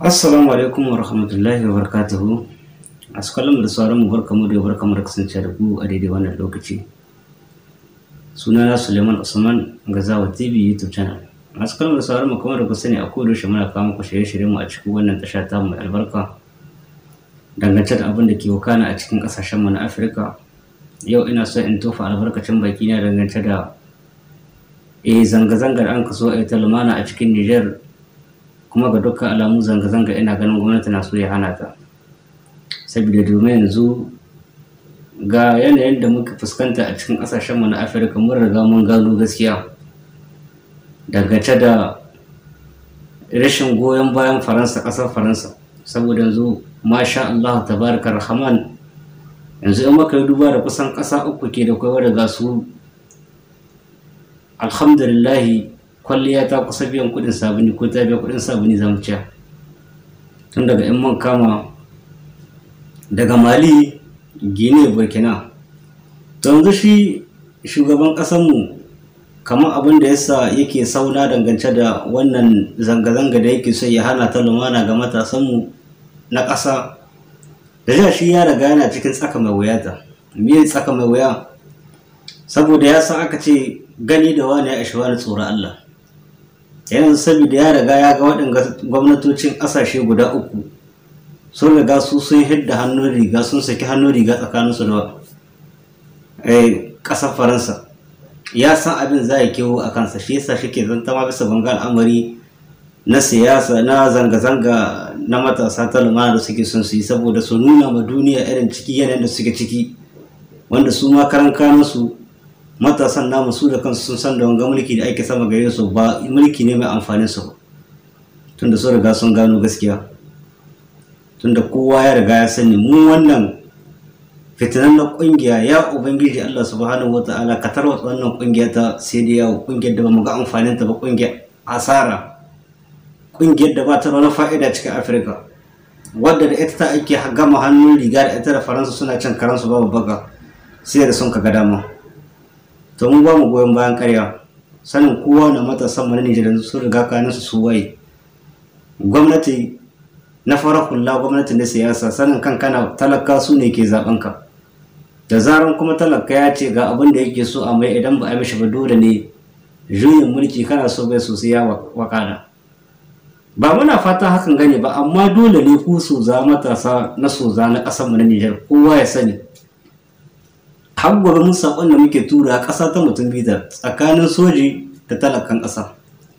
Assalamu alaikum wa rahmatullahi wa barakatuhu. A da sauran mu mu da mu da kasance da ku a daidai wannan lokaci. Sunana Suleiman Usman Gazawa TV YouTube channel. A sukalin da sauran mu kamar da ku sani a kodo shi muna kawo muku shirye shirye mu a cikin wannan tasha ta mu albarka. Dangance da abin da ke wakana a cikin kasashen mu na Afirka. Yau ina so in tofa albarkacin baki na dangance da eh zanga-zangar an kaso a lumana a cikin Niger kuma ga dukkan alamu zanga-zanga ina ganin gwamnati na so ya hana ta saboda domin yanzu ga yanayin da muka fuskanta a cikin ƙasashenmu na afirka mun riga mun gano gaskiya daga ta da rashin goyon bayan faransa ƙasar faransa saboda yanzu masha allah tabaraka rahman yanzu in muka duba da kusan ƙasa uku ke da kwaiwa daga su alhamdulillahi kwalliya ta kusa biyan kuɗin sabuni ko ta biya kuɗin sabuni za mu ciya tun daga yan man kama daga mali gine burkina yanzu shi shugaban ƙasanmu kamar abin da yasa yake sauna dangance da wannan zanga-zanga da yake so ya hana ta lumana ga matasanmu na ƙasa da ya shi ya riga yana cikin tsaka mai wuya ta me tsaka mai wuya saboda ya san aka ce gani da wani ya ishi wani tsoron Allah yanzu saboda ya riga ya ga waɗanda gwamnatocin ƙasashe guda uku sun riga su sun hidda hannun riga sun saki hannun riga tsakaninsu da eh, ƙasar faransa ya san abin za a kewo a kansa shi yasa shike ma bisa bangar al'amari na siyasa na zanga-zanga na matasa ta lumana da suke son su yi saboda su nuna ma duniya irin ciki yanayin da suke ciki wanda su ma karan su. matasan namu su da kansu sun san da wanga mulki da ake sama gare su ba mulki ne mai amfanin su tunda sun riga sun gano gaskiya tunda kowa ya riga ya sani mu wannan fitinan na kungiya ya ubangiji Allah subhanahu wataala ka tarwatsa wannan kungiya ta sai da yawo kungiyar da ba mu ga amfanin ta ba kungiyar asara kungiyar da ba ta wani fa'ida cikin Afirka wadda da ita ta ake gama hannun riga da ita da Faransa suna cin karansu babu baka sai da sun ka ga dama to mu ba mu goyon bayan karya sanin kowa na matasan mana na Nijar sun riga kanin su su waye gwamnati na farar kula gwamnati na siyasa sanin kan kana talaka su ne ke zaben ka da zaran kuma talaka ya ce ga abin da yake so a mai idan ba a mishi ba dole ne juyin mulki kana so bai sosai ya wakana ba muna fata hakan gane ba amma dole ne ku za matasa na soza na mu na Nijar kowa ya sani har gobe mun da muke tura ƙasa ta mutum bitar tsakanin soji da talakan ƙasa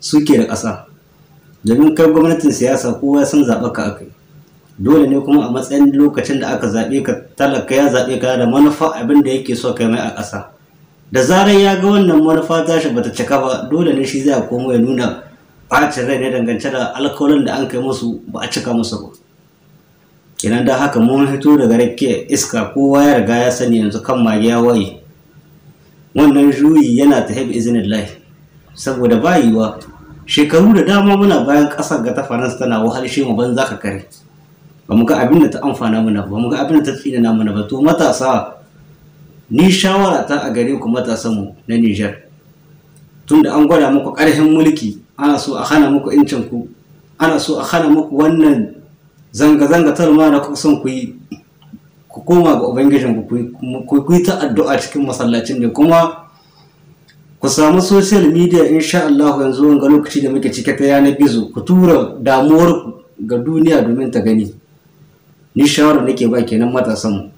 suke da ƙasa domin kai gwamnatin siyasa kowa sun zaɓa ka aka dole ne kuma a matsayin lokacin da aka zaɓe ka talaka ya zaɓe ka da manufa abin da yake so kai mai a ƙasa da zarar ya ga wannan manufa tashi bata cika ba dole ne shi zai koma ya nuna bacin rai ne dangance da alkawarin da an kai musu ba a cika musu ba kenan da haka mun hito daga rake iska kowa ya riga ya sani yanzu kan mage ya waye wannan juyi yana ta hebe izinin lahi saboda bayiwa shekaru da dama muna bayan ƙasar ga ta faransa tana wahalshe mu banza ka kare ba mu ga abin da ta amfana mana ba mu ga abin da ta tsina mana ba to matasa ni shawara ta a gare ku matasan mu na Niger tunda an gwada muku ƙarfin mulki ana so a hana muku incin ku ana so a hana muku wannan zanga-zanga ta lumana kuma son ku yi ku koma ga ubangijin ku ku yi ta addu'a cikin masallacin ne kuma ku samu social media insha Allah yanzu wanga lokaci da muke cike ta yanar gizo ku tura damuwar ga duniya domin ta gani ni shawarar nake ba kenan matasan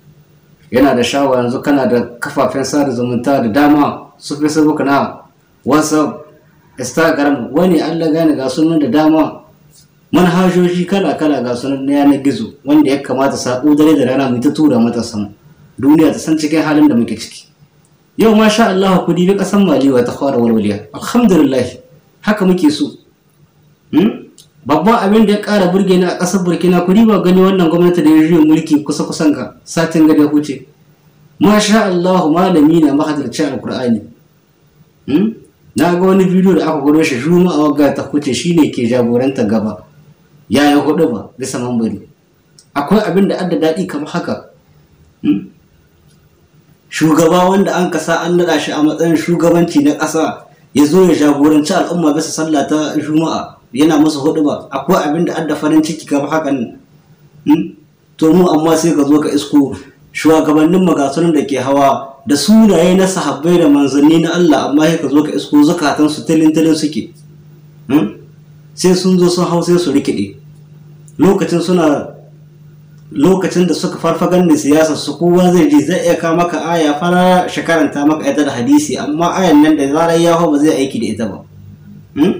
yana da shawara yanzu kana da kafafen sada zumunta da dama su facebook na whatsapp instagram wani allah gane ga sunan da dama manhajoji kala-kala ga sunan na yanar gizo wanda ya kamata sako dare da rana mu ta tura mata sama duniya ta san cikin halin da muke ciki yau ma sha Allah kudi bi kasan maliwa ta fara walwaliya alhamdulillah haka muke so hmm? babban abin da ya kara burge ni a kasar burkina kudi ba gani wannan gwamnati da ya mulki kusa kusan ka, satin gada huce masha Allah malami na mahadarci alkur'ani hmm? na ga wani bidiyo da aka gwado shi juma'a a wagga ta huce shine ke jagoranta gaba ya yi hudu ba bisa mambari akwai abin da adda daɗi kamar haka hmm? shugaba wanda an kasa an naɗa shi a matsayin shugabanci na ƙasa ya zo ya jagoranci al'umma bisa sallah ta juma'a yana masa hudu ba akwai abin da adda farin ciki kamar ne hmm? to mu amma sai ka zo ka isko shugabannin magasunan da ke hawa da sunaye na sahabbai da manzanni na Allah amma sai ka zo ka isko su tilin tilin suke hmm? sai sun zo sun hau sai su rikide lokacin suna lokacin da suka da siyasa su kowa zai ji zai iya kama maka aya fara shakaranta maka ita da hadisi amma ayan nan da zarar ya hau ba zai aiki da ita ba hmm?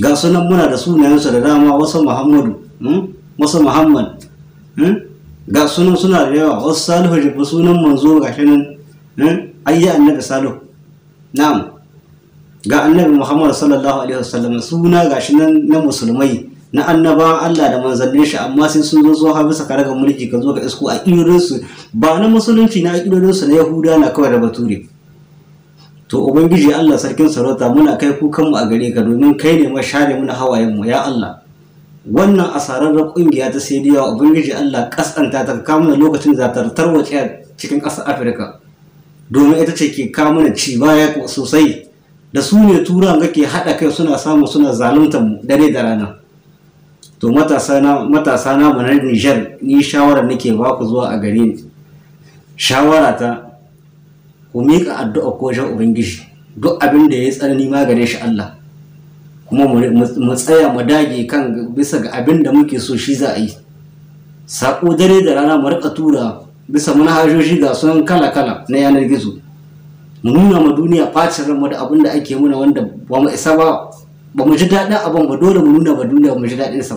ga sunan muna da sunayensu da dama wasu muhammadu hmm? wasu muhammad hmm? ga sunan suna da yawa wasu salihu jibu sunan manzo ga shi nan ayya annabi salihu na'am ga annabi muhammad sallallahu alaihi wasallam suna gashi nan na musulmai na annaba Allah da manzannin shi amma sai sun zo zo har bisa karagar mulki ka zo ka isko a su ba na musulunci na su na yahuda na kawai da bature to ubangiji Allah sarkin sarauta muna kai mu a gare ka domin kai ne ma share muna hawayen mu ya Allah wannan da kungiya ta sai dai ubangiji Allah kasanta ta kamuna lokacin ta tarwace cikin ƙasar Afirka domin ita ce ke kamuna ci baya sosai da su ne turan ke haɗa kai suna samu suna zaluntar mu dare da rana to matasa na matasa na mu na Niger ni shawara nake ba ku zuwa a gare ni shawara ta ku miƙa addu'a ko wajen ubangiji duk abin da ya yi tsanani maganin shi Allah kuma mu tsaya mu dage kan bisa ga abin da muke so shi za a yi saƙo dare da rana mu rika tura bisa manhajoji ga sun kala-kala na yanar gizo mu nuna ma duniya facin ranmu da abin da ake muna wanda ba mu isa ba ba mu ji daɗin abin ba dole mu nuna ma duniya ba mu ji daɗin sa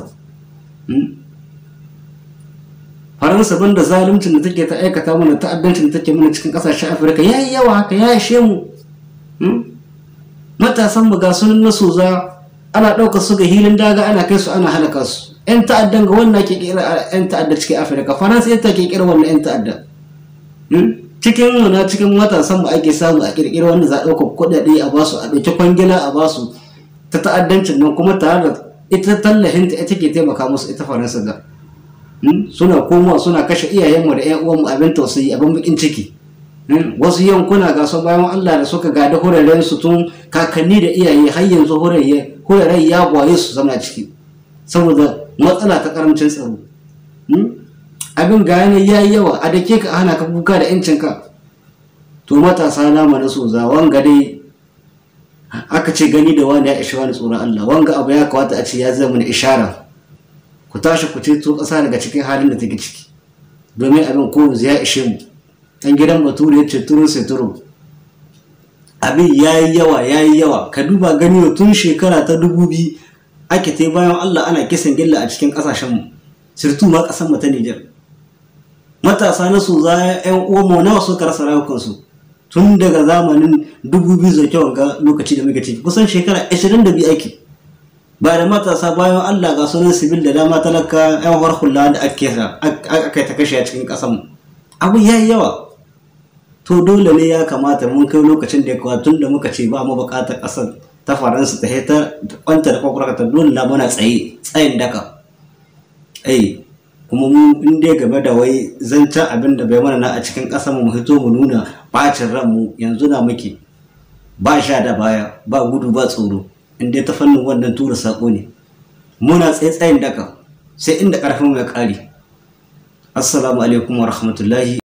hmm? faransa ban da zaluncin da take ta aikata mana ta'addancin da take mana cikin ƙasashen afirka ya yi yawa haka ya ishe mu hmm? matasan mu ga sunan na soza ana ɗaukar su ga hilin daga ana kai su ana halaka su yan ta'addan ga wannan ke kira yan ta'adda cikin afirka faransa yadda ke kira wannan yan ta'adda hmm? cikin cikin matasan mu ake samu a kirkira wanda za a ɗauka kuɗaɗe a basu a ɗauki kwangila a basu ta ta'addancin nan kuma tare da ita tallahinta ita ke taimaka musu ita faransa da hmm? suna koma suna kashe iyayenmu da ƴan mu abin tausayi abin bakin ciki hmm? wasu yankuna ga su bayan Allah da suka gada hurarren su tun kakanni da iyaye har yanzu hurarren ya gwaye su zama ciki saboda matsala ta karamcin tsaro hmm? abin gane ya yi yawa a dake ka hana ka kuka da ka to matasa na ma so za wanga dai aka ce gani da wani ya ishe wani tsoron Allah wanga abu ya kawata a ce ya zama ishara ku tashi ku ceto ƙasa daga cikin halin da take ciki domin abin ko ya ishe mu ɗan gidan bature ya ce turu sai turu abin ya yi yawa ya yi yawa ka duba gani tun shekara ta dubu biyu ake ta bayan Allah ana kisan gilla a cikin ƙasashenmu sirtu ma ƙasar mu ta Nijar matasa na su za a yan uwanmu nawa suka rasa rayukansu tun daga zamanin dubu biyu zai kyau ga lokaci da muke ciki kusan shekara ashirin da biyu aiki ba da matasa bayan allah ga sunan sibil da dama talaka yan hula da aka ta kashe a cikin ƙasanmu abu ya yi yawa to dole ne ya kamata mun kai lokacin da ya kawo tun da muka ce ba mu buƙatar ƙasar ta faransa ta heta kwanta da kwakwarka ta dole na muna tsaye tsayin daka ai eh. kuma mu in dai game da wai zancen abin da bai mana na a cikin ƙasa mu hito mu nuna bacin mu, yanzu na muke ba sha da baya ba gudu ba tsoro in dai ta fannin wannan tura sako ne muna tsaitsayin daka sai inda ƙarfin ya ƙare assalamu alaikum wa rahmatullahi